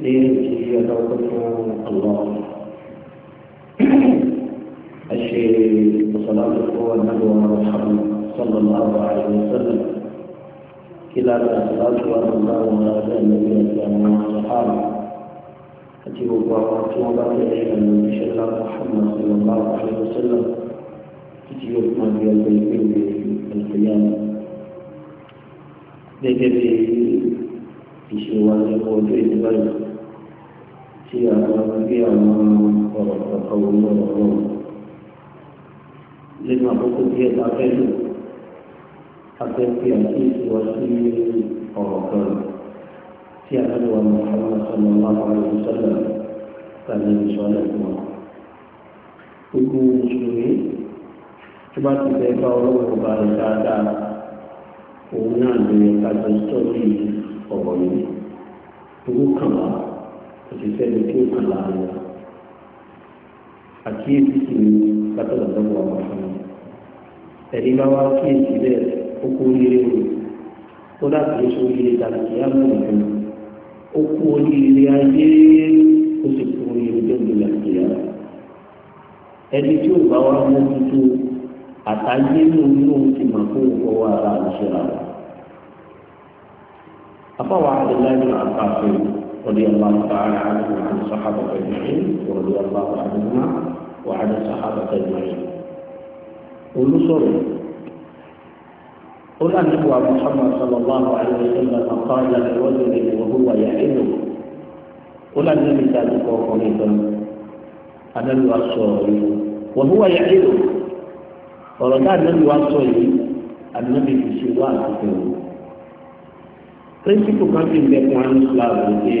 ليجي يتوقف الله الشيء وصلاة هو النبوة محمد صلى الله عليه وسلم كلا الصلاة والسلام على النبي والصحابة أتي وقوات وبعد أن شاء محمد صلى الله عليه وسلم تجي يوم يوم القيامة gẹ́gẹ́ bí ìṣèwádìí في ìdíbàyìí tí àwọn bí àwọn ọ̀rọ̀ kọ̀ọ̀kan wọlé ọ̀rọ̀ náà lẹ́nu àkókò díẹ̀ tá a fẹ́ lò a fẹ́ fi àkíyèsí wá sí ọ̀rọ̀ kan tí àwọn ìwà Muhammad sallallahu alaihi wasallam tàbí ìṣọ̀lẹ̀ fún wa. gbogbo mùsùlùmí tó bá ti fẹ́ bá ọlọ́run ọba rẹ̀ dáadáa òun náà lè kájọ sọ́ọ̀tì ọ̀rọ̀ yìí gbogbo kàn wá òṣìṣẹ́ ní kí òkú là ń lọ àkíyèsí sì ni látọ̀dọ̀ lọ́wọ́ àwọn fún mi ẹ̀rí bá wá kíyèsí bẹ́ẹ̀ ó kú oríire o ó láti lè sóríire tàbí kí á mú ìlú ó kú oríire ayé ó sì kú oríire tó láti yá ẹni tí ò bá wá mú tuntun àtàyé nínú yóò ti mà fún ìfọwọ́ ara àti ìṣẹ̀lẹ̀ àwọn àfọwọ́ àdéhùn àti àfẹ́yìn. رضي الله تعالى عنه وعن الصحابة أجمعين ورضي الله عنهما وعن الصحابة أجمعين ونصره قل أن هو محمد صلى الله عليه وسلم قال لرجل وهو يحل قل أن لم ذلك قريبا أنا الوصول وهو يحل ورجع النبي وصول النبي في سواك pírísìpù kan fi bẹ fún àwọn ìsìláàmù ṣe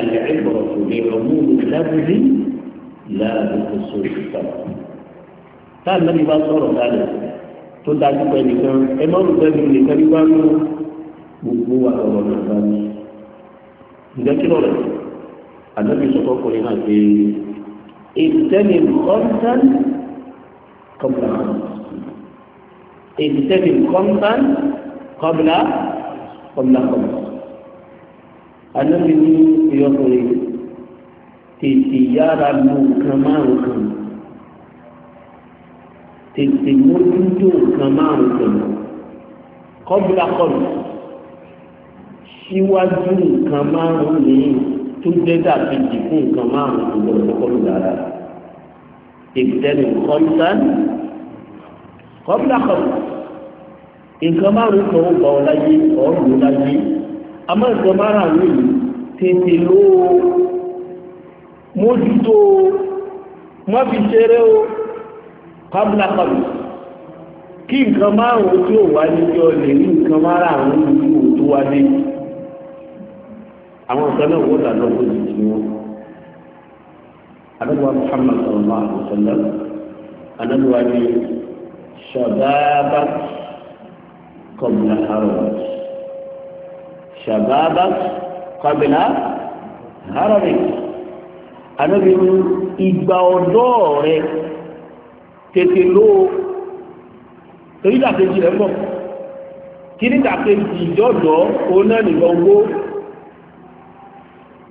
alẹ́ ìbọ̀rọ̀ kò lè rọ̀mú lábúlé láàbù tó so ìsọ̀rọ̀. táà náà bá sọ̀rọ̀ dáadáa tó dájú pé nìkan ẹ má rò pé nìkan bí wá mú gbogbo wa ọ̀rọ̀ náà bá mi. ǹjẹ́ kí lọ́rẹ̀ àdébí sọ̀kọ́ kò ní náà pé ìtẹ́ni kọ́ńtán kọ́ńtán ìtẹ́ni kọ́ńtán kọ́ńtán kọ́lákọ́lá anábì ní ìyọkùnrin tètè yára lu nǹkan márùn kan tètè mójútó nǹkan márùn kan kọ́lákọ́lá síwájú nǹkan márùn nìyí tó jẹ́ dàbí dìbò nǹkan márùn tó gbọdọ̀ kọ́lù dára ìgbẹ́ni kọ́lá kọ́lákọ́lá nǹkan márùn kan ó bá ọ láyé ọ̀rùn láyé àmọ́ nǹkan márùn yìí tètè ló mójútó wọ́n fi ṣeré o kábùlákàbù kí nǹkan márùn tí ò wá ní kí ọ lè ní nǹkan márùn ní ìwò tó wá dé àwọn nǹkan náà wọ́n dà lọ́wọ́ yìí tí wọ́n anábíwá Muhammad sallallahu alaihi wa sallam anábíwá ní ṣọ̀dáàbá قبل هرمك شبابك قبل هرمك Ànábì ní ìgbà ọ̀dọ́ rẹ tètè lò ó torí ìdàkejì rẹ pọ̀ kí ní ìdàkejì ìjọ́dọ̀ òun náà nìkan gbó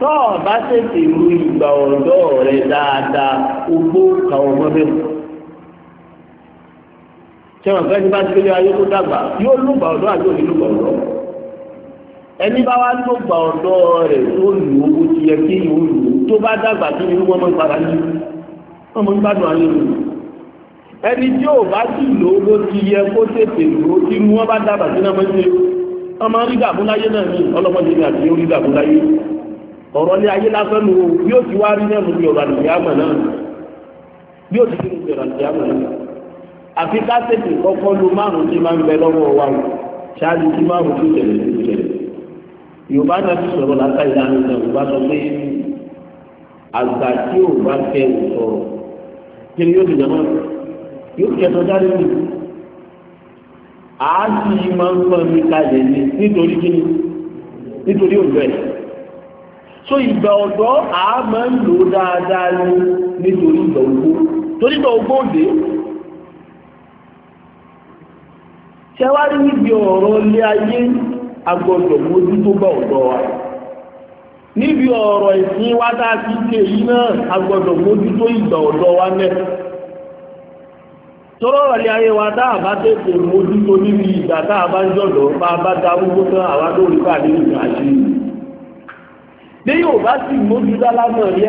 tọ́ ọ bá tètè lu ìgbà ọ̀dọ́ rẹ dáadáa ogbó kàwọn ọmọ bẹ́ẹ̀ tẹ̀wọ̀n fẹ́ ní bá ti gbélé ayé tó dàgbà yóò lùgbà ọ̀dọ́ àti òní lùgbà ọ̀dọ́ ẹni bá wá lùgbà ọ̀dọ́ rẹ̀ tó lù ú bó ti yẹ kí yóò lù ú tó bá dàgbà kí ni wọ́n mọ̀ nípa ní wọ́n mọ̀ nípa dùn ayé lù ẹni tí ò bá sì lò ó bó ti yẹ kó tètè lò ó tí wọ́n bá dàgbà sí náà mọ́tí ọmọ rí dàbúláyé náà ní ọlọ́mọdé ní àti orí dàbúláyé ọ̀rọ̀ ní ayé lásán lò ó bí ti wá rí náà lórí ọ̀rọ̀ àdìyàmọ̀ náà bí ti rí lórí ọ̀rọ̀ àdìyàmọ̀ náà àfi kásẹ̀tì kọ́kọ́ lu márùn tí máa ń bẹ lọ́wọ́ wa ṣáájú tí márùn tó tẹ̀lé tó tẹ̀lé yorùbá náà ti sọ̀rọ̀ látàrí láàrin náà yorùbá sọ pé àgbà tí ò bá fẹ́ ò sọ̀rọ̀ kí ni yóò ti jàmọ́ yóò kẹtọ jáde nù àásì máa ń pọn mi kalẹ̀ ní nítorí kíni nítorí òjò ẹ̀ so ìgbà ọ̀dọ́ àá máa ń lò dáadáa ní nítorí ìgbà ògbó torí ìgbà ògbó òde Sewari níbi ọ̀rọ̀ ilé ayé agbọ́dọ̀ mójú tó bá ọ̀dọ́ wa níbi ọ̀rọ̀ ìsìn wa tá a ti ṣe yìí náà mójú tó ìgbà wa mẹ́ tọ́rọ̀ ilé ayé wa tá a bá tètè mójú tó níbi ìgbà tá a bá ń jọ̀dọ̀ bá a bá arúgbó tán àwa pàdé ìgbà bí yóò bá sì mójú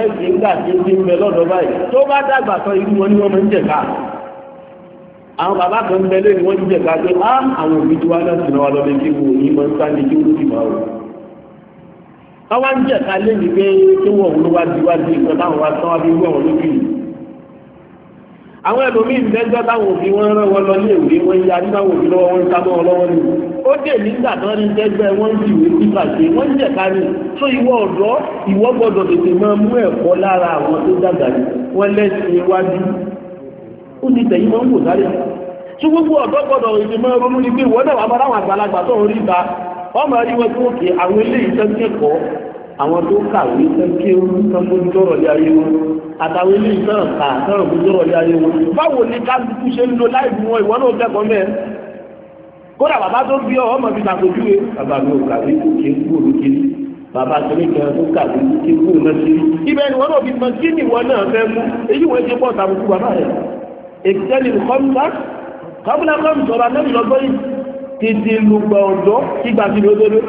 ẹ̀sìn gbà ti ń bẹ àwọn bàbá kan bẹ lóyún wọn jíjẹ ká pé á ah, àwọn òbí tí wàá náà sì náà wà lọ lẹbi wo ní mọ nípa ní kí wọn ti máa wò. káwá ń jẹ ká lẹ́nu pé kí wọn òun ló wá di wá di nǹkan táwọn wá sáwọn bí wọn ló bì. àwọn ẹlòmíín bẹ́ńgá táwọn òbí wọn rán wọn lọ ní èwe wọn ya nígbà wọn òbí lọ́wọ́ wọn sábọ́ wọn lọ́wọ́ ni. ó dé nígbà tán ní dẹ́gbẹ́ wọn ti wé pípa ṣe wọ́n jẹ ká ní ó ti tẹ̀yìn máa ń wò sáré tí gbogbo ọ̀dọ́ gbọ́dọ̀ èdè máa ronú ní pé ìwọ náà wàá bá láwọn àgbàlagbà tó ń rí ta ọmọ rí wọn tó kè àwọn eléyìí tó kẹ́kọ̀ọ́ àwọn tó kàwé tó kéwú tó mójútọ́rọ̀ lé ayé wọn àtàwọn eléyìí tó ń kà tó ń mójútọ́rọ̀ lé ayé wọn báwo ni kálukú ṣe ń lo láì fún wọn ìwọ náà kẹ́kọ̀ọ́ mẹ́ kódà bàbá tó bí ọ ọmọ fi tàkójúwe bàbá mi ò kàwé kò ké kúrò kiri bàbá kiri kan tó kàwé kí kúrò náà kiri ibẹ̀ ni wọn náà fi mọ kí ni wọn náà fẹ́ mú èyí wọn ti pọ̀ tàbùkù bàbá rẹ̀ èkìtẹ́lì kọ́mùsá kọ́mùsá kọ́mùsá ọba tẹ́lì lọ́gbọ́ yìí ti di lùgbà ọ̀dọ́ ìgbà sí ní òdodo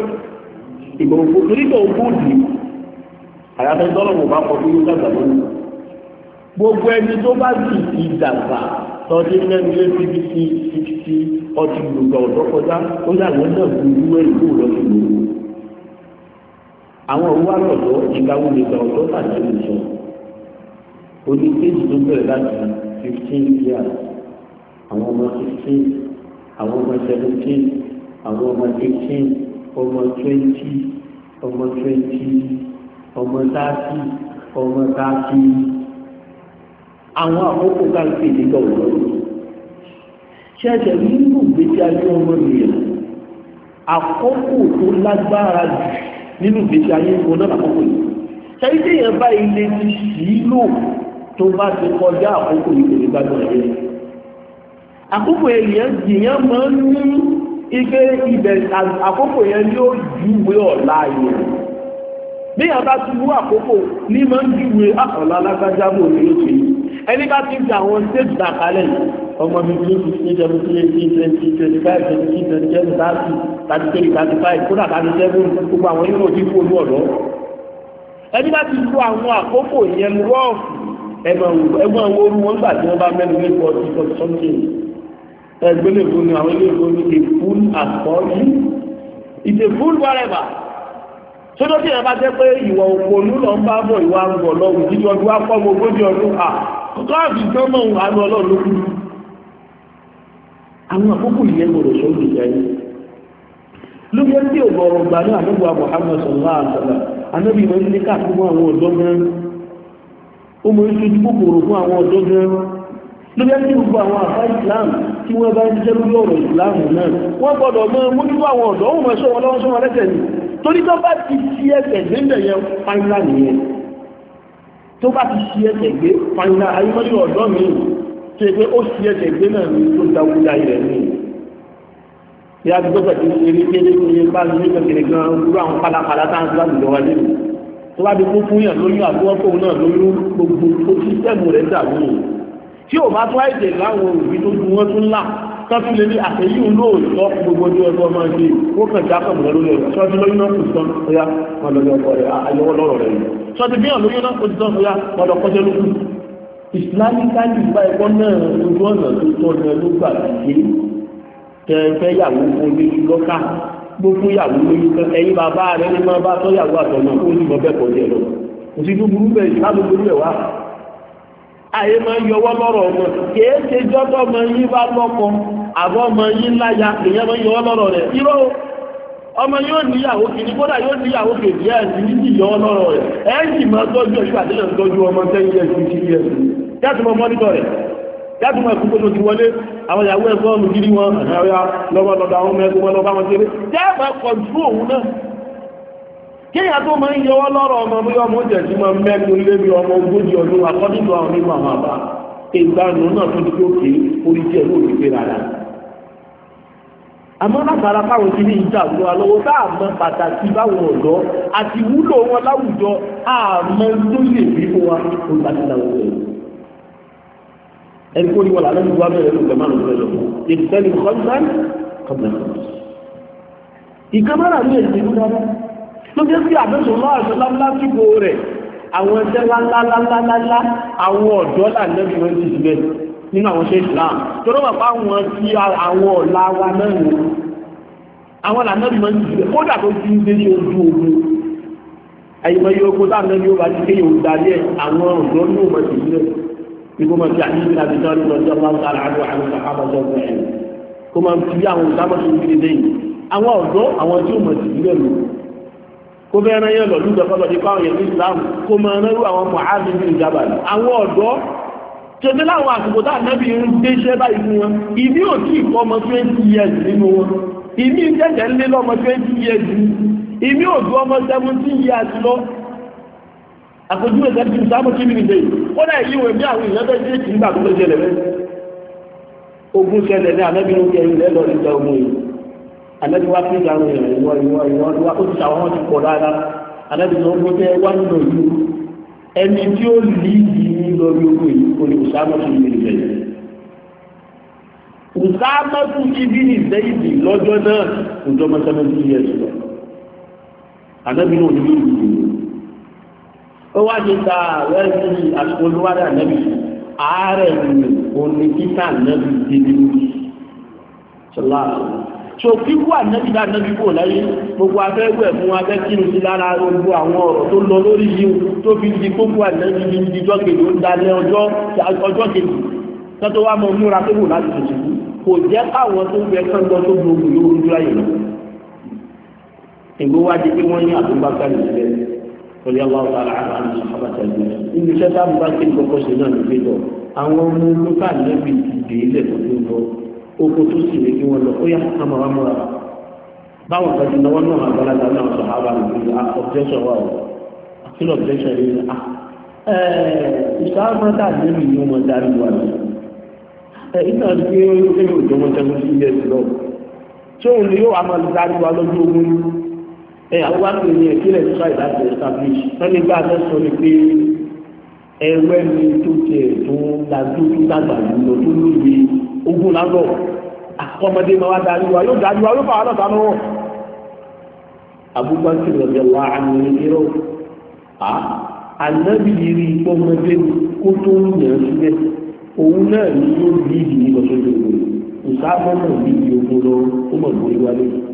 ìgbà òkú torí tó òkú dì àyàfẹ́ tọ́lọ̀mù bá kọ́ fún yíká gbàgbọ́ ní. gbogbo ẹni tó bá sì ti dàgbà tọ́jú mẹ́rin lé fi fi fi fi fi ọtí lùgbà ọ̀dọ́ kọjá ó yàgò náà fún irú ẹ̀ ìlú rẹ̀ fi lòó. àwọn òwú àlọ́dọ̀ ìgbà wo lè gbà ọ̀dọ́ tàbí ìṣọ̀ fifteen years àwọn ọmọ fifteen àwọn ọmọ seventeen àwọn ọmọ eighteen ọmọ twenty ọmọ twenty ọmọ thirty ọmọ thirty àwọn àkókò káńtì nígbà òwúrọ̀ ṣẹ̀ṣẹ̀ nínú ìgbésí ayé ọmọ nìyẹn àkókò tó lágbára jù nínú ìgbésí ayé ọmọ náà àkókò yìí ṣe é ṣe yẹn bá ilé ti sí lò tó bá ti kọjá àkókò ìpèlè gbádùn ẹ̀yẹ àkókò èèyàn jìyàn máa ń ní ike ibẹ̀ àkókò yẹn yóò júwe ọ̀la yẹn bí yàrá bá ti wú àkókò ní máa ń júwe àkànlá ah, alágbájá bò ní oṣù yìí ẹni bá ti fi àwọn stage náà kalẹ̀ ọmọ mi tún fi ṣe jẹun sí eighteen twenty twenty five twenty six twenty seven thirty thirty three thirty five kódà thirty seven gbogbo àwọn yìí náà ti kú olú ọ̀dọ́ ẹni bá ti lu àwọn àkókò yẹn rọ́ọ̀fù ẹgbọn àwọn orú wọn gbà tí wọn bá mẹ́nu ní forty forty something ẹgbẹ́ lè fún mi àwọn ilé ìfowó ní a full àkọ́rí it's a full whatever sódò tí yẹn bá jẹ́ pé ìwà òpònú lọ ń bá bọ̀ ìwà ń bọ̀ lọ́wọ́ títí ọdún wa pọ̀ mọ́ ogójì ọdún à káàbì tán mọ̀ ń àánú ọlọ́run ló kú àwọn àkókò ìyẹn gbọdọ̀ sóògùn ìjà yìí ló yẹ kí ògbọ̀rọ̀ gbà ní àdúgbò àbọ̀ hàmẹ́sọ̀lá àtàlà ànábì ìwé ní káàkiri àwọn ọ̀dọ́ mẹ́rin ó mọ̀ ìṣojú kòkòrò fún àwọn ọ̀dọ́ gan-an lórí ẹni gbogbo àwọn àbá islam tí wọ́n bá ń jẹ́ lórí ọ̀rọ̀ islam náà wọ́n gbọ́dọ̀ mọ́ mójútó àwọn ọ̀dọ́ òun mọ̀ sọ́wọ́ lọ́wọ́ sọ́wọ́ lẹ́sẹ̀ ni torí tó bá ti ṣí ẹsẹ̀ gbé ńbẹ̀ yẹn fáńlá nìyẹn tó bá ti ṣí ẹsẹ̀ gbé fáńlá ayémọ́lẹ́ ọ̀dọ́ mi tó yẹ pé ó ṣí ẹsẹ̀ gbé náà ní tó da wúlá ilẹ̀ mi bí a ti gbọ́dọ̀ ti ṣe eré kéde kó yẹ bá mi ní tó bá di kú fún yàn lóyún àbúrọ́kọ̀ náà lóyún gbogbo tó sísẹ́mù rẹ̀ dàrú o tí ò bá tó àìjẹ̀ láwọn òbí tó ju wọ́n tún là tọ́tún lé ní àtẹ̀yí òun náà sọ gbogbo ojú ẹgbẹ́ ọmọ ẹgbẹ́ ó kàn já pẹ̀lú ọ̀rọ̀ lórí ọ̀rọ̀ sọ́ọ́dún lóyún náà kò sọ ọ̀yá wọn lọ́dọ̀ ọkọ rẹ̀ àyẹ̀wò lọ́rọ̀ rẹ̀ yìí sọ́ọ́dún bíyàn lóyún náà kò sọ ọ̀yá wọn lọ kọ́jọ́ lókù bá ẹ̀kọ́ náà ojú ọ̀nà tó tọ́ ni ló gbà gbogbo yàwó lóyún kan ẹ̀yin bàbá rẹ̀ ní máa bá tọ́ yàwó àtọ̀nà ó sì mọ bẹ́ẹ̀ kọ́ jẹ lọ kò sí dúburú bẹ́ẹ̀ sí láti gbogbo ẹ̀ wá. àyè máa ń yọwọ́ lọ́rọ̀ ọmọ kìí ṣe jọ́tọ̀ ọmọ yín bá lọ́kọ àbọ̀ ọmọ yín láya èèyàn máa ń yọwọ́ lọ́rọ̀ rẹ̀ irọ́ ọmọ yóò níyàwó kìíní kódà yóò níyàwó kejì ẹ̀ sí níbi ìyọ́ lọ́rọ̀ rẹ̀ ẹ̀ sì máa tọ́jú ẹ̀ sí àtẹ́lẹ̀ láti mọ̀ ìfúnpọ̀ tó ti wọlé àwọn ìyàwó ẹ̀gbọ́n ọ̀nù gírí wọn àyàwó lọ́wọ́ lọ́dọ̀ àwọn ọmọ ẹgbẹ́ lọ́wọ́ wọn kéré jẹ́ẹ̀bà kọ̀ǹtúrò òun náà kéèyàn tó máa ń yọwọ́ lọ́rọ̀ ọmọ bóyá ọmọ oúnjẹ tí máa ń mẹ́nu lébi ọmọ ogójì ọdún akọ́dínlọ àwọn onímọ̀ àwọn àbá ìgbàanù náà tó ti kókè orí jẹ́ ló rí pé rárá. àmọ́ látara káwọn ti ní ìjà lọ àlọ́wọ́ tá a mọ pàtàkì báwọn ọ̀dọ́ àti wúlò wọn láwùjọ àmọ́ tó lè bí fún wa ó gbàdúrà wọn ẹni kó ní wọn làlẹ́ ìlú abẹ́rẹ́ ló gbẹ̀mọ́ àwọn ọ̀rẹ́ lọ èdè tẹ́lẹ̀ kọ́ńtán kọ́ńtán. ìkámárà ní èdè ìlú dáadáa ló jẹ́ sí àbẹ́sọ̀ láàṣọ lásìkò rẹ̀ àwọn ẹ̀ṣẹ̀ lálálálálá àwọn ọ̀dọ́ làlẹ́bí wọn ti síbẹ̀ nínú àwọn ṣe Islam tọ́lọ́ bàbá wọn ti àwọn ọ̀la wa náà àwọn làlẹ́bí wọn ti síbẹ̀ kódà tó ti ń dé ṣe ojú ogun àyùmọ̀ yóò kó sáà yóò bá ti kéye òdarí ẹ̀ àwọn ọ̀dọ́ ní òmọ̀ ikú máa fi àyíkí àti tọ́lú lọ́jọ́ bá ń ta àlọ́ àwọn sàkábàjọ́ bẹ̀rẹ̀ kó máa fi àwọn ìdámọ̀tò ìdílé lẹ́yìn àwọn ọ̀dọ́ àwọn tí ó mọ̀ sí ìdílé lò kó bẹ́ẹ̀ náà yẹ lọ lójú ọ̀fọ́ lọ́dí fáwọn yẹn ní Islam kó máa rẹ́rú àwọn mọ̀háàbí ní ìjábà ní àwọn ọ̀dọ́ tètè láwọn àsìkò tá ànábì ìmí ìjẹ́jẹ́ ń lọ́mọ twenty years ìmí ò ọmọ seventeen years lọ àpèjú ẹ̀sẹ̀ ti sáàmù kí nìyí lẹ́yìn ó náà yíwò ẹ̀mí àwọn èèyàn tó ṣe kì í gbà tó ló ṣẹlẹ̀ rẹ̀ ogun ṣẹlẹ̀ ní anábì ló kẹ́ ilẹ̀ lọ nígbà ogun yìí anábì wá fún ìyàwó èèyàn ìwọ ìwọ ìwọ ìwọ ó ti ṣàwọn ti pọ̀ dáadáa anábì ló ń gbé wá nínú ìlú ẹni tí ó lì í lórí ogun yìí kò ní sáàmù kí nìyí lẹ́yìn ìsáàmọ́tún ibi ní ìsẹ́yìdì lọ́jọ́ náà ìjọba 17 years ago anábì náà ní ìlú tó wá ṣe ta àwẹ̀ sí àsìkò olúwádà nẹ́bí ààrẹ ìlú òní títà nẹ́bí dídí ṣọlá so kíkú ànẹ́bí dá nẹ́bí kò láyé gbogbo afẹ́gbẹ́ fún afẹ́ kírun sí lára gbogbo àwọn ọ̀rọ̀ tó lọ lórí yìí tó fi di gbogbo ànẹ́bí ní ìdíjọ́ kejì ó ń dalẹ̀ ọjọ́ kejì tọ́tọ́ wa mọ múra tó wù láti tètè kò jẹ́ káwọn tó gbẹ kán lọ tó gbogbo yòówù láyé lọ. ègbó pé wọ́n ní àdúgbò ọ̀lẹ́ ọlọ́run bá ara àwọn iṣẹ́ bá ti kọ́kọ́ ṣe náà ní gbẹ́dọ̀ àwọn ọmọ olùkọ́ àlẹ́bí ti dè é lẹ̀ oko tó sì ní kí wọ́n lọ ó yà á báwọn kan ti náwó náà àgbàlagbà náà sọ ẹ àwọn wá pè ní ìpínlẹ̀ tó ṣáì láti establish lẹ́ni bá a fẹ́ sọ ni pé ẹwẹ́ mi tó tiẹ̀ tó lajú tó dàgbà jùlọ tó lóye ogun lálọ́ àkọ́mọdé máa wá darí wa yóò darí wa yóò fà wá lọ́ta lọ́wọ́ Abubakar rẹ̀ wá àmì ìrọ̀ à ànábì yìí rí ọmọdé kó tó ń yàn sílẹ̀ òun náà ni yóò bí ìdí ìlọsọ́jọ́ òun ìsáfọ́ náà bí ìdí ogun lọ ó mọ̀ lórí wa lẹ́yìn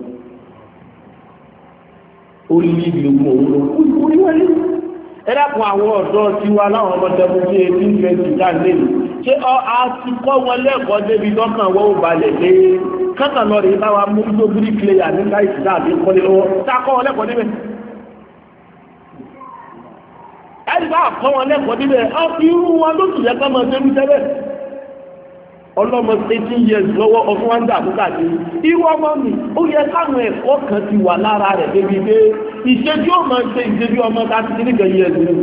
ó lé gbogbo òun ló kú ìkú ní wọlé ẹ dákun àwọn ọ̀dọ́ ti wa láwọn ọmọ tẹkun sí eighteen twenty jan lẹ́yìn ṣé ọ a ti kọ́ wọn lẹ́kọ̀ọ́ débi lọ́kàn wọn ò balẹ̀ dé kankan lọ rèé báwa mú tó gírí player ní láìsí dàbí kọ́lé lọ́wọ́ tá a kọ́ wọn lẹ́kọ̀ọ́ débẹ̀ ẹ ti bá a kọ́ wọn lẹ́kọ̀ọ́ débẹ̀ irú wọn ló tún yẹ kọ́ mọ́ sẹ́rú sẹ́bẹ̀ ọlọ́mọ eighteen years lọ́wọ́ ọdún wa ń dà fún káàkiri irú ọmọ mi ó yẹ káwọn ẹ̀kọ́ kan ti wà lára rẹ̀ débi pé ìṣẹ́jú ọmọ ṣe ìṣẹ́jú ọmọ ká ti ní kẹ́ yẹ ẹ̀dùn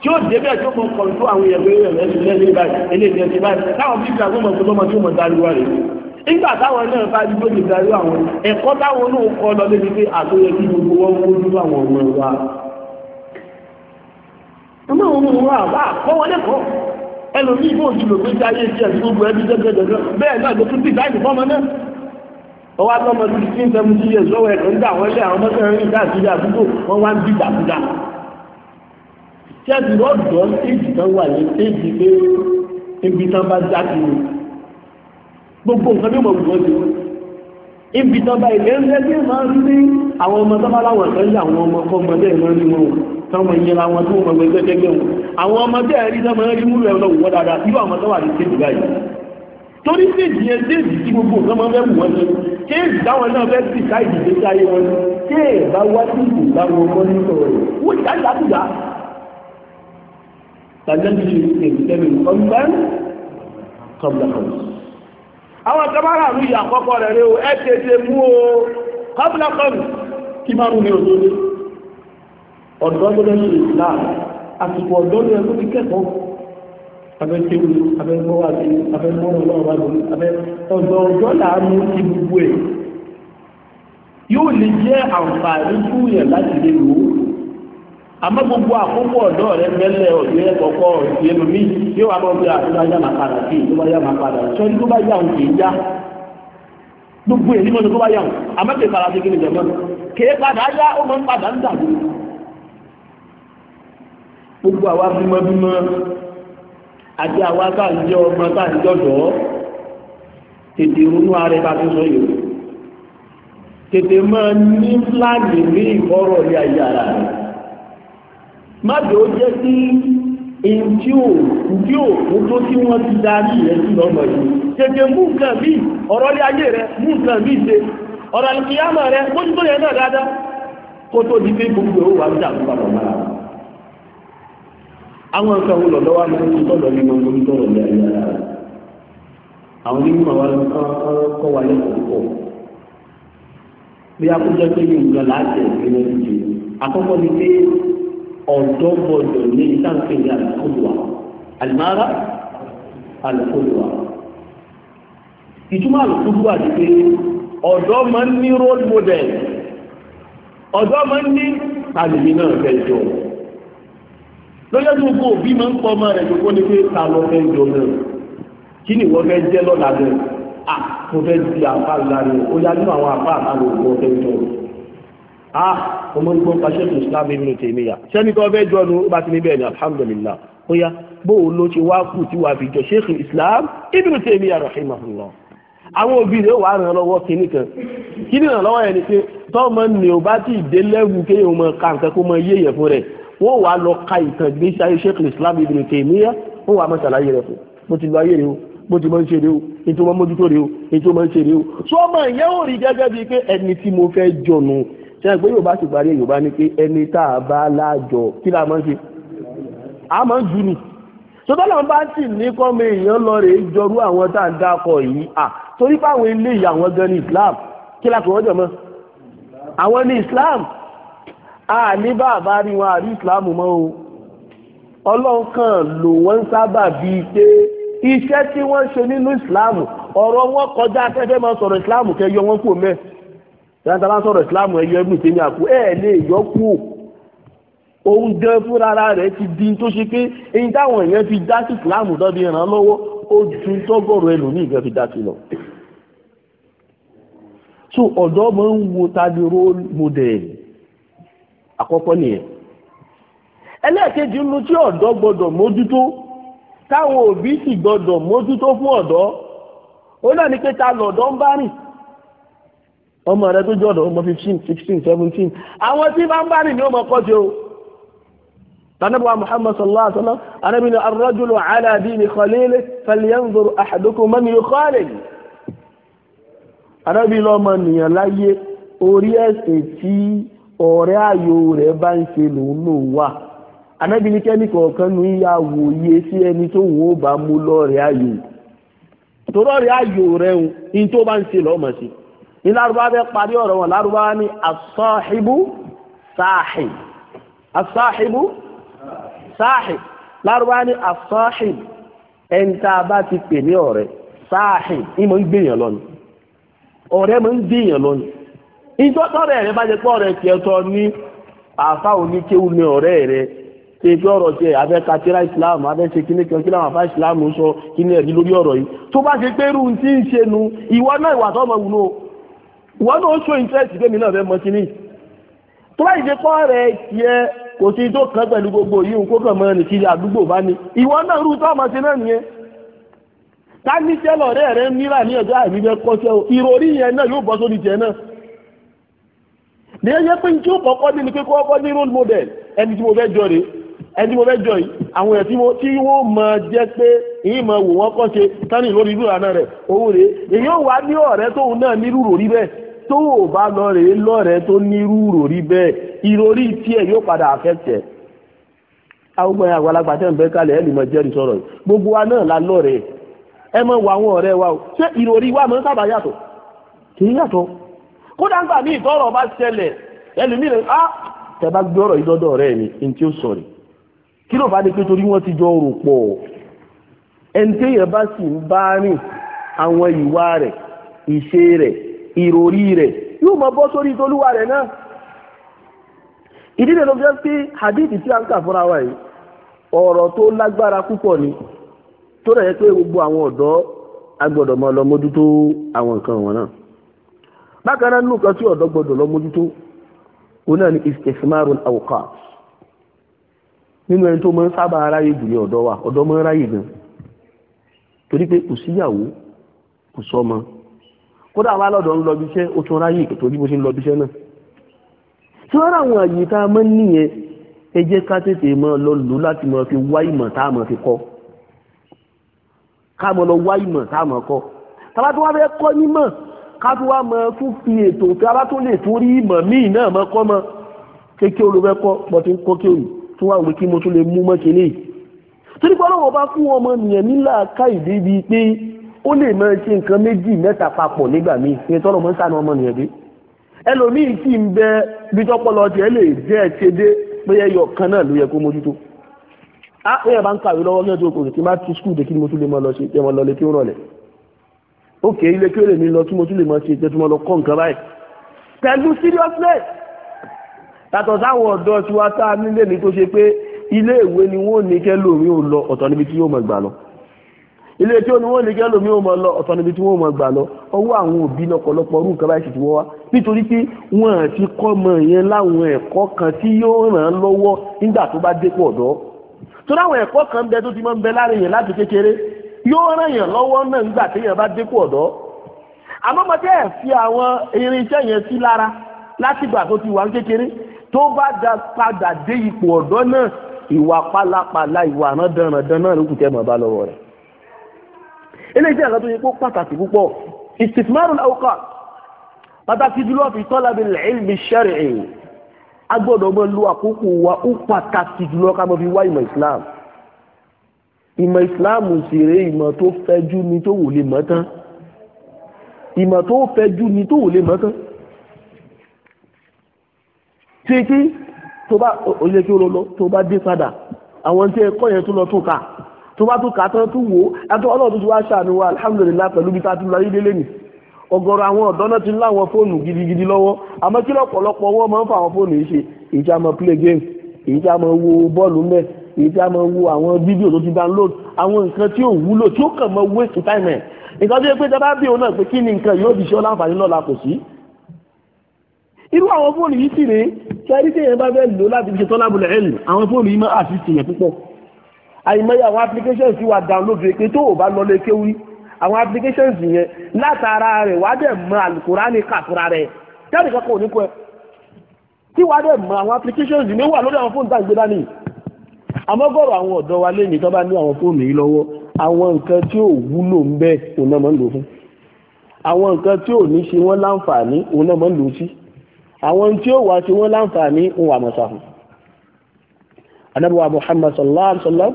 tí ó débẹ̀ tó mọ kọ̀ tó àwọn èèyàn lórí ẹ̀rọ ẹ̀sùn lẹ́yìn báyìí eléyìí ẹ̀sìn báyìí táwọn fífi àgbọ̀mọ̀ tó lọ́mọ tó mọ̀ dárí wá rẹ̀ nígbà táwọn náà bá dúró lè darí àwọn ẹ̀kọ́ táwọn náà kọ́ lọ lé níbi àtúnyẹ kí gbogbo wọn kó dúró àwọn ọmọ wa. ọmọ òun wà bá àkọ́wọlé kọ́ ẹlòmíì bó ti lò pété ayé tiẹ̀ tó gbọ́ ẹbí jẹ́gẹ́jẹ́gẹ́ bẹ́ẹ̀ náà ló tún dìsáìdì fọ́mọ náà ọwọ́ àtọ́mọ sixteen seventeen years lọ́wọ́ ẹ̀kọ́ ń dà wọ́n lé àwọn mọ́tò ẹ̀rín káàkiri àdúgbò wọ́n wá ń bí dàkúdà tíẹ́tì lọ́dọ̀ éjì kan wà ní éjì pé ibi tán bá jáde ni gbogbo nǹkan bí mo wù wọ́n ti ibi tán bá ilé ńlẹ́gbẹ́ máa ń rí àwọn ọmọ tó bá láwọn ẹ̀fẹ́ yà àwọn ọmọ kọ́ ọmọdé ẹ̀mọ́ rí wọn tọmọ ìyẹra wọn tó wọn gbẹgbẹ gẹgbẹ wọn àwọn ọmọdé ẹ̀rí tọmọ rí múlò ẹ̀rọ wọ dáadáa irú àwọn tó wà ní stéèjì báyìí torí stéèjì yẹn stéèjì tí gbogbo nǹkan máa ń fẹ́ wù wọ́n ṣe stéèjì táwọn náà fẹ́ sì ká ìdílé sí ayé wọn stéèjì bá wá sí ìgbà wọn mọ́ nípa rẹ̀ wọ́n ti dájú àkùdá àwọn akẹ́bàrà mi yà kọ́kọ́ rẹ̀ rẹ̀ o ẹ̀ tètè mú o kọ́bùlà kí márùn ní òjò ní ọ̀dọ́ gbọ́dọ̀ ṣe islam àsìkò ọ̀dọ́ ní ẹgbẹ́ ti kẹ́kọ̀ọ́ abẹ́ tẹ́wù abẹ́ gbọ́ àti abẹ́ mọ́rọ̀ lọ́wọ́ àgbẹ̀ abẹ́ ọ̀dọ́ ọ̀dọ́ làánú ti gbogbo ẹ̀ yóò lè jẹ́ àǹfààní fún yẹn láti lè lò ó àmọ́ gbogbo àkókò ọ̀dọ́ rẹ mẹ́lẹ̀ ọ̀dọ́ yẹn kọ̀ọ̀kọ́ ìdílé mi yóò wá bọ́ bí àtúbá yá máa padà sí ìtúbá bá yà òun kì í já gbogbo èyí mọ́ni tó bá yà òun àmọ́ kì kèé padà yá ó máa ń padà ń dàgbò gbogbo àwa bímọbímọ àti àwa tá à ń jẹ ọmọ tá à ń jọdọ tètè ronú ara bá tó sọ yìí tètè máa ní fúlàní ní ìfọ̀rọ̀ ní ayé má jò ó sí ntí ò ntí ò kó tó tí wọ́n ti darí rẹ̀ sí lọ́mọ yìí tètè mú nǹkan bíi ọ̀rọ̀ ní ayé rẹ̀ mú nǹkan bíi ṣe ọ̀rọ̀ àlùkìyàmọ̀ rẹ bójú tó yẹ náà dáadáa kó tó di pé gbogbo owó wa ń dà fún bàbá mara àwọn nǹkan wo lọ́dọ́ wa ló ń tọ́lọ̀ nínú orí tọ́lọ̀ ní ayé ara rẹ̀ àwọn onímọ̀ wa kọ́ wa lẹ́kọ̀ọ́ pọ̀ bí akójọ pé yóò gbọ́ láti ẹ̀sìn lẹ́nu jù àkọ́kọ́ ni pé ọ̀dọ́ gbọ́dọ̀ ní sáǹkì àlùkòlùwà àlùmárà àlùkòlùwà ìtumọ̀ àlùkòlùwà ti pé ọ̀dọ́ máa ń ní role model ọ̀dọ́ máa ń ní tàlùmí náà fẹ́ jọ lọ́jọ́ tó gbó òbí máa ń pọ̀ ọmọ rẹ̀ tó kọ́ ni pé ta lọ fẹ́ jọ náà kí ni wọ́n fẹ́ jẹ́ lọ́la bẹ́ẹ̀ à mo fẹ́ di àpá ìlànà ó yá nínú àwọn àpá àtàlù òkú ọ̀fẹ́ jọ à mo máa ń gbọ́n pa ṣẹ́kù Islam nínú tèmi yà sẹ́ni tó fẹ́ jọ nu bá ti níbẹ̀ ni alhamdulillah ó yá bóun ló ti wá kù tí wàá fi jọ ṣẹ́kù Islam ibnu Taymiyyah rahimahullah àwọn òbí rẹ̀ wà ràn lọ́wọ́ kínní kan kínní ràn lọ́wọ́ yẹn ni pé tọ́mọ ní o bá ti dé lẹ́wù kéèyàn mọ ká nǹkan kó mọ yé yẹn fún rẹ̀ wọ́n wà lọ ka ìtàn gbèsè ayé Sheikh Islam Ibn Taymiyyah wọ́n wà mọ́ sàlàyé rẹ̀ fún bó ti lọ ayé rẹ̀ o bó ti máa ń ṣe rèé o ètò máa ń mójútó rèé o ètò máa ń ṣe rèé o tó ọmọ ìyẹn ò rí gẹ́gẹ́ bíi pé ẹni tí mo fẹ́ jọnu ṣe sọtọ́lọ́ bá sì ní kọ́mọ èèyàn lọ rèé jọrú àwọn tá à ń dákọ̀ yìí à torí fáwọn eléyìí àwọn gan ní Islam kí lápò wọ́n jọ mọ́ àwọn ní Islam a ní bàbá rí wọn àrí Islam mọ́ o ọlọ́run kan lò wọ́n sábà bíi pé iṣẹ́ tí wọ́n ṣe nínú Islam ọ̀rọ̀ wọn kọjá afẹ́fẹ́ máa sọ̀rọ̀ Islam kẹ́ yọ wọn kú mẹ́ ìrántí aláǹsọ̀rọ̀ Islam ẹ yọ ẹbí tèmi ẹ̀ lè yọ kú o òun gan fúnra rẹ̀ ti di tó ṣe pé eyín táwọn èèyàn fi dá sí ìsìláàmù lọ́bi ràn lọ́wọ́ ó ju tọ́gọ̀rọ̀ ẹlòmíì gan fi dá sí lọ. so ọ̀dọ́ máa ń wo ta ni role model àkọ́kọ́ nìyẹn. ẹlẹ́ẹ̀kejì ń lu tí ọ̀dọ́ gbọ́dọ̀ mójútó táwọn òbí sì gbọ́dọ̀ mójútó fún ọ̀dọ́ ó náà ní pé ta lọ̀dọ́ ń bá rìn ọmọ rẹ tó jọ̀dọ̀ ọmọ fifteen sixteen seventeen àwọn tí bá ń bá rìn ni ó mọ kọ́ tanabuwa muhammad sallallahu alaihi wa sallam anabi ni arrajulu ala dini khalili falyanzur ahadukum man yukhalil anabi lọmọ nìyẹn láyé orí ẹsẹ̀ tí ọ̀rẹ́ ayò rẹ̀ bá ń ṣe lòun náà wà anabi ní kẹ́ni kọ̀ọ̀kan ní ìyá wòye sí ẹni tó wò ó bá mú lọ́ọ̀rẹ́ ayò torí ọ̀rẹ́ ayò rẹ̀ ń in tó bá ń ṣe lọ́mọ sí ní lárúbáwá bẹ́ẹ̀ parí ọ̀rọ̀ wọn lárúbáwá ní asọ́hìbú sáàhì asọ́hìbú sáàhì sáàhì lárúbá ní àsáàhì ẹni tá a bá ti pè ní ọ̀rẹ́ sáàhì ìmọ̀ ń gbèyàn lọ ni ọ̀rẹ́ mọ̀ ń gbèyàn lọ ni ìjọ tọ́rẹ̀ rẹ bá jẹ pé ọ̀rẹ́ tiẹ̀ tọ́ ní àfa oníkéwu ní ọ̀rẹ́ rẹ ṣe pé ọ̀rọ̀ tiẹ̀ abẹ́katira islam abẹ́ṣe kíní kan kí láwọn afá islam sọ kíní ẹ̀rí lórí ọ̀rọ̀ yìí tó bá ṣe pé irun tí ń ṣe nu ìwọ náà ìwà tó ọmọ wúlò ìwọ náà ó ṣó interest pé náà fẹ́ mọ kíní tó bá ṣe pé ọ̀rẹ́ tiẹ̀ kò sí tó kàn pẹ̀lú gbogbo yìí kó kàn mọ́ ẹni kiri àdúgbò bá ní ìwọ náà rú tọ́ ọmọ sí náà nìyẹn ká ní tẹ́lọ̀ rẹ̀ rẹ̀ níra ní ọjọ́ àìrí bẹ́ẹ̀ kọ́ṣẹ́ o ìròrí yẹn náà yóò bọ́ sórí tiẹ̀ náà ní ẹyẹ pé ní tí ó kọ́kọ́ ní ni pé kọ́kọ́ ní role model ẹni tí mo fẹ́ jọ rèé ẹni tí mo fẹ́ jọ yìí àwọn èèyàn tí wọ́n mọ̀ jẹ́ pé èyí mọ̀ wò wọ́n kọ́ṣe tánì lórí irú àná rẹ̀ òun rèé èyí ò wá ní ìròrí tiẹ̀ yóò padà affect ẹ̀ àwọn àgbàlagbà tẹ̀ ń bẹ́ kalẹ̀ ẹ̀ lè mọ jẹ́rìí sọ̀rọ̀ gbogbo wa náà la lọ́ọ̀rẹ́ ẹ mọ wọ àwọn ọ̀rẹ́ wa o ṣé ìròrí wa máa ń sábà yàtọ̀ kì í yàtọ̀ kódà nígbà míì tọ́rọ̀ bá ṣẹlẹ̀ ẹlòmíì rẹ̀ á tẹ bá gbé ọ̀rọ̀ yìí dọ́dọ̀ ọ̀rẹ́ mi ní tí ó sọ̀rọ̀ kí ló bá dé pé torí wọ́n ti jọ rò pọ̀ ẹni téèyàn bá sì ń bá rìn àwọn ìwà rẹ̀ ìṣe rẹ̀ ìròrí rẹ̀ yóò mọ bọ́ sórí tolúwa rẹ̀ náà ìdí lè lọ fi pé hadithi tí a ń kà fúnra wa yìí ọ̀rọ̀ tó lágbára púpọ̀ ni tó rẹ̀ yẹ pé gbogbo àwọn ọ̀dọ́ agbọ́dọ̀ máa lọ mójútó àwọn nǹkan wọn náà bákan náà nínú kan tí ọ̀dọ́ gbọ́dọ̀ lọ mójútó òun náà ni istismarul awqat nínú ẹni tó máa ń sábà aráyè jù ní ọ̀dọ́ wa ọ̀dọ́ máa ń ráyè gan torí pé kò síyàwó kò sọ́mọ kódà wà lọ́dọ̀ ń lọ bí ó tún ráyè torí bó ṣe ń lọ bí náà tí wọ́n ráwọn àyè tá a máa ń nìyẹn ẹ jẹ́ ká tètè máa lọ lò láti máa fi wá ìmọ̀ tá a máa fi kọ́ ká máa lọ wá ìmọ̀ tá a máa kọ́ tàbá tó wá fẹ́ kọ́ nímọ̀ ká tó wá máa tún fi ètò òfin abá tó lè tún rí ìmọ̀ míì náà máa kọ́ mọ́ kékeré olùfẹ́ kọ́ pọ̀ tí ń kọ́ kéwì tó wà wí kí mo tún lè mú mọ́ kínní yìí torí pé ọlọ́wọ́ bá fún ọmọ nìyẹn nílà káìdé bíi pé ó lè máa ṣe nǹkan méjì mẹ́ta papọ̀ nígbà míì ìyẹn tọ́lọ́mọ́ sànù ọmọ nìyẹn bíi ẹlòmíì sì ń bẹ bíjọpọlọ tiẹ̀ lè jẹ́ ẹ̀ṣẹ̀ dé pé ẹyọ kan náà ló yẹ kó mójútó á ó yẹ bá ń kàwé lọ́wọ́ ní ọjọ́ òkòrò tí má ti skul dé kí ni mo tún lè mọ lọ ṣe jẹ́ mọ lọ lé kí ó rọlẹ̀ ókè ilé kí ó lè mi lọ kí mo tún lè mọ ṣe jẹ́ tí mo lọ kọ́ nǹkan báyìí pẹ̀lú seriousness yàtọ̀ sáwọn ọ̀dọ́ tiwa tá a nílé ní tó ṣe pé ilé ìwé ni wọ́n ní kẹ́ lómi ò lọ ọ̀tọ̀ níbi tí yóò mọ̀ gbà lọ ilé tí ó ní wọ́n lè jẹ́ lómi ó mọ lọ ọ̀tọ̀ níbi tí wọ́n mọ gbà lọ ọwọ́ àwọn òbí lọ́pọ̀lọpọ̀ orú nǹkan báyìí sì ti wọ́n wá nítorí pé wọ́n ti kọ́ ọmọ yẹn láwọn ẹ̀kọ́ kan tí yóò ràn án lọ́wọ́ nígbà tó bá dépò ọ̀dọ́ tó láwọn ẹ̀kọ́ kan ń bẹ tó ti máa ń bẹ láàrin yẹn láti kékeré yóò ràn yẹn lọ́wọ́ náà nígbà téèyàn bá dépò ọ̀dọ́ àmọ́ mo tẹ́ ẹ̀ fi àwọn irinṣẹ́ yẹn sí lára látìgbà tó ti wà kékeré tó bá da padà dé ipò ọ̀dọ́ náà ìwà pálapàla ìwà rándanrandan náà ló kù tẹ́ mọ̀ bá lọ́wọ́ rẹ̀ eléyìí jẹ́ nǹkan tó yẹ kó pàtàkì púpọ̀ istismarul awqat pàtàkì jùlọ fi talabi al-ilmi shar'i a gbọ́dọ̀ mọ lu àkókò wa ó pàtàkì jùlọ ká mọ fi wá ìmọ̀ islam ìmọ̀ islam sì rè ìmọ̀ tó fẹ̀jú ni tó wò lè mọ̀ tán ìmọ̀ tó fẹ̀jú ni tó wò lè mọ̀ tán títí tó bá ó kí ó lọ tó bá dé padà àwọn tí ẹ kọ́ yẹn tó lọ tó kà tó bá tó kà tán tó wò ó ẹtọ́ ọlọ́run tó ti wá ṣàánú wa alhamdulilayi pẹ̀lú bí táà ti lọ ayédélé ni ọ̀gọ̀rọ̀ àwọn ọ̀dọ́ náà ti ń láwọn fóònù gidigidi lọ́wọ́ àmọ́ kí lọ́pọ̀lọpọ̀ wọn máa ń fa àwọn fóònù yìí ṣe èyí tí a máa play game èyí tí a máa wo bọ́ọ̀lù mẹ́ èyí tí a máa wo àwọn fídíò tó ti download àwọn nǹkan tí ò wúlò tí ó kàn máa waste time ẹ̀ nǹkan tó yẹ pé dábàá bí òun náà pé kí ni nǹkan yóò fi ṣe ọ́ láǹfààní lọ́la kò sí. irú àwọn fóònù yìí sì rèé kí àìmọye àwọn applications wà download rẹ̀ tó o bá lọ lé kéwì àwọn applications yẹn látara rẹ̀ wàá dẹ̀ mọ alukurani kàkúra rẹ̀ jáde kankan ò ní kọ́ ẹ tí wàá dẹ̀ mọ àwọn applications yìí wà lórí àwọn fóònù tá à ń gbé dání àmọ́ gọ́rọ̀ àwọn ọ̀dọ́ wa lẹ́yìn tó bá ní àwọn fóònù yìí lọ́wọ́ àwọn nǹkan tí ò wúlò ń bẹ òun náà máa ń lò fún àwọn nǹkan tí ò ní ṣe wọ́n láǹfààní òun náà máa ń lò sí àwọn tí ò wá ṣe wọ́n láǹfààní òun wà mọ̀ sáfù. anábọ̀wá Muhammad sallallahu alaihi wa sallam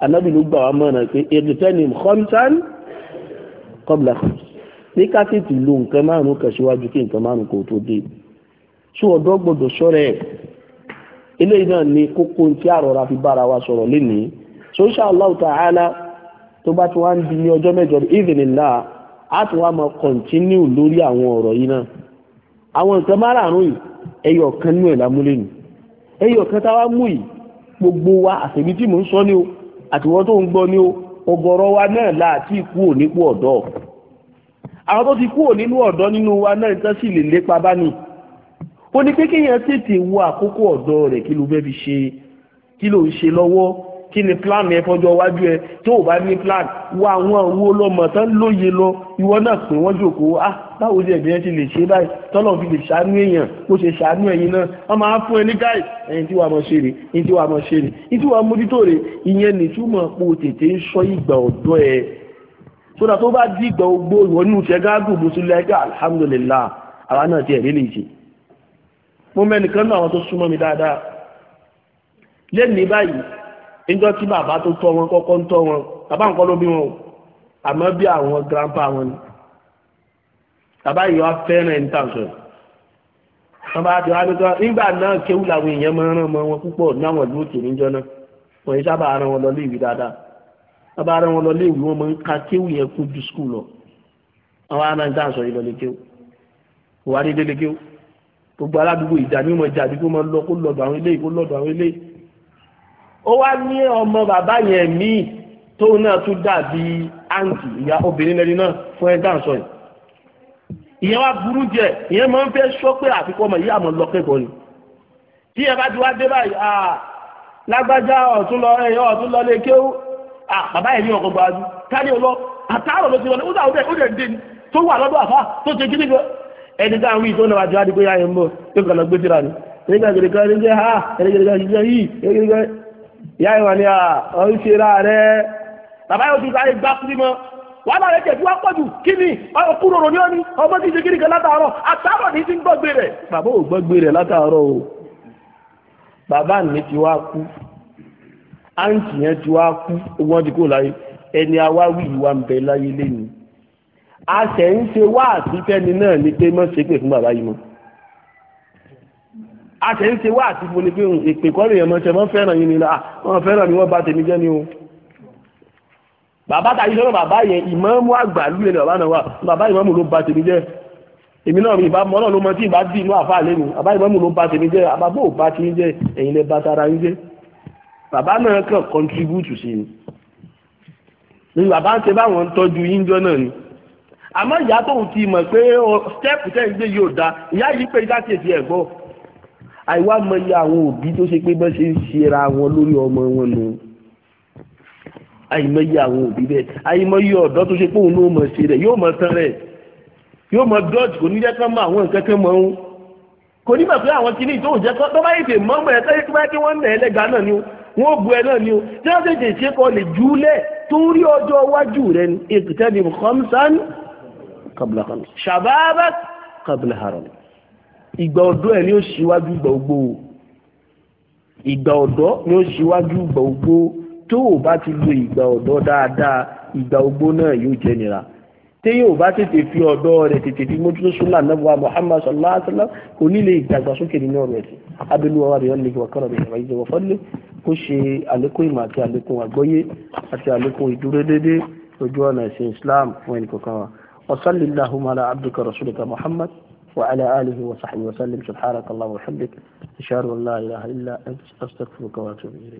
anábì ló gbà wá mọ̀ràn pé irutanim khamsan qabla khams ní kákìtì lo nǹkan márùn kan síwájú kí nǹkan márùn kò tó dé tí ọ̀dọ́ gbọ́dọ̀ sọ̀rọ̀ ẹ̀ eléyìí náà ni kókó tí àrọ̀ra fi bára wa sọ̀rọ̀ lénìí so insha Allah ta'ala tó bá ti wá ń di ní ọjọ́ mẹ́jọ ìvìnìlá á tún wá máa kọ̀ǹtínú lórí àwọn ọ̀rọ̀ yìí náà àwọn nǹkan márààrún yìí ẹyọ kan nínú ẹ̀ lámúlẹ̀ nù ẹyọ kan táwa mú yìí gbogbo wa àṣẹbí tí mò ń sọ ni o àtiwọ́n tó ń gbọ́ ní ọ̀gọ̀rọ̀ wa náà láti kú ò nípò ọ̀dọ́ àwọn tó ti kú ò nínú ọ̀dọ́ nínú wa náà tán sì lè lépa bá ní ó ní pé kéèyàn tètè wo àkókò ọ̀dọ́ rẹ̀ kí ló fẹ́ fi ṣe kí ló ń ṣe lọ́wọ́ kí ni plan yẹn fọjọ́ iwájú ẹ tó o bá ní plan wo àwọn owó lọ́mọ tán lóye lọ ìwọ náà pé wọ́n jòkóó ah báwo ni ẹ̀bí yẹn ti lè ṣe báyìí tọ́lọ̀ fi lè ṣàánú èèyàn kó ṣe ṣàánú ẹ̀yin náà wọ́n máa fún ẹ ní gáì ẹ̀yin tí wàá mọ̀ ṣe rè ẹ̀yin tí wàá mọ̀ ṣe rè ẹ̀yin tí wàá mójútó rè ìyẹn nìtúmọ̀ pé o tètè ń sọ ìgbà ọ̀dọ́ ẹ sódà tó bá di ìgbà ogbó ìwọ nínú ṣẹ́gáàdùn mùsùlùmí alhamdulillah ṣe mo mẹ́nìkan mi dáadáa níjọ́ tí bàbá tó tọ́ wọn kọ́kọ́ ń tọ́ wọn bàbá nǹkan ló bí wọn àmọ́ bí àwọn grandpa wọn ni bàbá yìí wá fẹ́ràn ẹni tàn sọ̀rọ̀ wọn bá ti wá ní kan nígbà náà kéwù làwọn èèyàn máa ń ràn mọ́ wọn púpọ̀ náwọn ìlú òkè níjọ́ náà wọn yìí sábà ràn wọn lọ léèwé dáadáa wọn bá ràn wọn lọ léèwé wọn máa ń ka kéwù yẹn kú ju skul lọ àwọn ará ń tàn sọ yìí gbogbo aládùúgbò ìjà ni wọn jà bí kó máa lọ kó lọ́dọ̀ àwọn eléyìí kó lọ́dọ̀ àwọn eléyìí ó wá ní ọmọ bàbá yẹn míì tóun náà tún dàbí àǹtí ìyá obìnrin lẹ́ni náà fún ẹgbẹ́ àǹsọ yìí ìyẹn wá burú jẹ ìyẹn máa ń fẹ́ sọ pé àfikún ọmọ yìí àmọ́ lọ kẹ́kọ̀ọ́ ni tí ẹ bá ti wá dé báyìí lágbájá ọ̀tún lọ ẹ̀yọ́ ọ̀tún lọ lé kéwú bàbá yẹn ní ọkọ̀ gbàdú káni ọlọ àtàrọ̀ ló ti wọlé ó dà ó dẹ̀ ó dẹ̀ dé ni tó wà lọ́dọ̀ àfa tó ti kíni gan ẹni tá à ń wí tó náà wá ti wá di pé yáyẹn ìyá ìwà ni ọ̀ ń ṣe ra rẹ bàbá yóò tún sáré gbá sílí mọ́ wàhálà rẹ jẹ̀bi wá pọ̀jù kí ni ọkùnrin òrò ní ó ní ọmọ tí ṣe kíríkan látàárọ̀ àtàárọ̀ ní ti ń gbọ́gbé rẹ̀ bàbá ò gbọ́gbé rẹ̀ látàárọ̀ o bàbá mi ti wá kú àǹtí yẹn ti wá kú wọ́n ti kó láyé ẹni awáwí ìwà ń bẹ láyé lẹ́nu a ń ṣe wáàsí fẹ́ni náà ni pé mọ́ ṣe pé fún bàbá yìí mọ́ àtẹ̀ ń ṣe wá àti mo ní pé ìpè kọ́lé yẹn mọ́ṣẹ́ mọ́ fẹ́ràn yín ni wọ́n fẹ́ràn ni wọ́n bá tèmi jẹ́ ni o. bàbá tàbí sọ́nà bàbá yẹn ìmáàmù àgbà lúlẹ̀ bàbá náà wà bàbá ìmáàmù ló ba tèmi jẹ́ èmi náà ìbá mọ́ náà ló mọ tí ìbá dì inú àfa àlẹ́ mi bàbá ìmáàmù ló ba tèmi jẹ́ àbábò ba ti ń jẹ́ ẹ̀yin lẹ́ ba tara yín jẹ́ bàbá náà kàn contribute sí ni ni bàbá ń ṣe báwọn ń tọ́jú yín náà ni àmọ́ ìyá tóun ti mọ̀ pé step tẹ́ ń gbé yóò da ìyá yìí pé ìdá kejì ẹ̀ gbọ́ àìwá mọyì àwọn òbí tó ṣe pé bọ́n ṣe ń ṣera wọn lórí ọmọ wọn nù àìmọyì àwọn òbí bẹ́ẹ̀ àìmọyì ọ̀dọ́ tó ṣe pé òun ló mọ̀ ṣe rẹ̀ yóò mọ̀ tán rẹ̀ yóò mọ̀ dọ́ọ̀jì kò ní jẹ́ kán mọ àwọn nǹkan kan mọ́ ń kò ní mọ̀ pé àwọn kìíní tó jẹ́ kán tó bá yìí tè mọ́ mọ̀ ẹ́ tẹ́lẹ̀ tó bá yẹ kí wọ́n nà ẹ́ lẹ́gàá náà ni wọ́n ó bu ẹ náà ni o tí wọ́n tètè ṣe kọ́ lè júlẹ̀ tó ń rí ọjọ́ iwájú rẹ ni èkìtẹ́ ni khamsan qabla khamsan ìgbà ọ̀dọ́ ẹ̀ ni ó ṣíwájú ìgbà ogbó o ìgbà ọ̀dọ́ ni ó ṣíwájú ìgbà ogbó tó o bá ti lo ìgbà ọ̀dọ́ dáadáa ìgbà ogbó náà yóò jẹ́ nira téyìn ò bá tètè fi ọ̀dọ́ rẹ̀ tètè fi mójútó súnlá nàbùwà muhammad sallallahu alaihi wa sallam kò ní lè dàgbàsókè nínú ọ̀rọ̀ ẹ̀sìn abẹ́lú ọwọ́ àbẹ̀yọ́ lè wà kọ́rọ̀ bẹ̀rẹ̀ wáyé wọ́n fọ́lé kó ṣe àlékún ìmọ̀ àti àlékún àgbọ́yé àti àlékún ìdúró déédé ojú ọ̀nà ẹ̀sìn islam fún ẹnì kọ̀ọ̀kan wa wa sallallahu ala abdika rasulika muhammad وعلى آله وصحبه وسلم سبحانك اللهم وبحمدك أشهد أن لا إله إلا أنت أستغفرك وأتوب إليك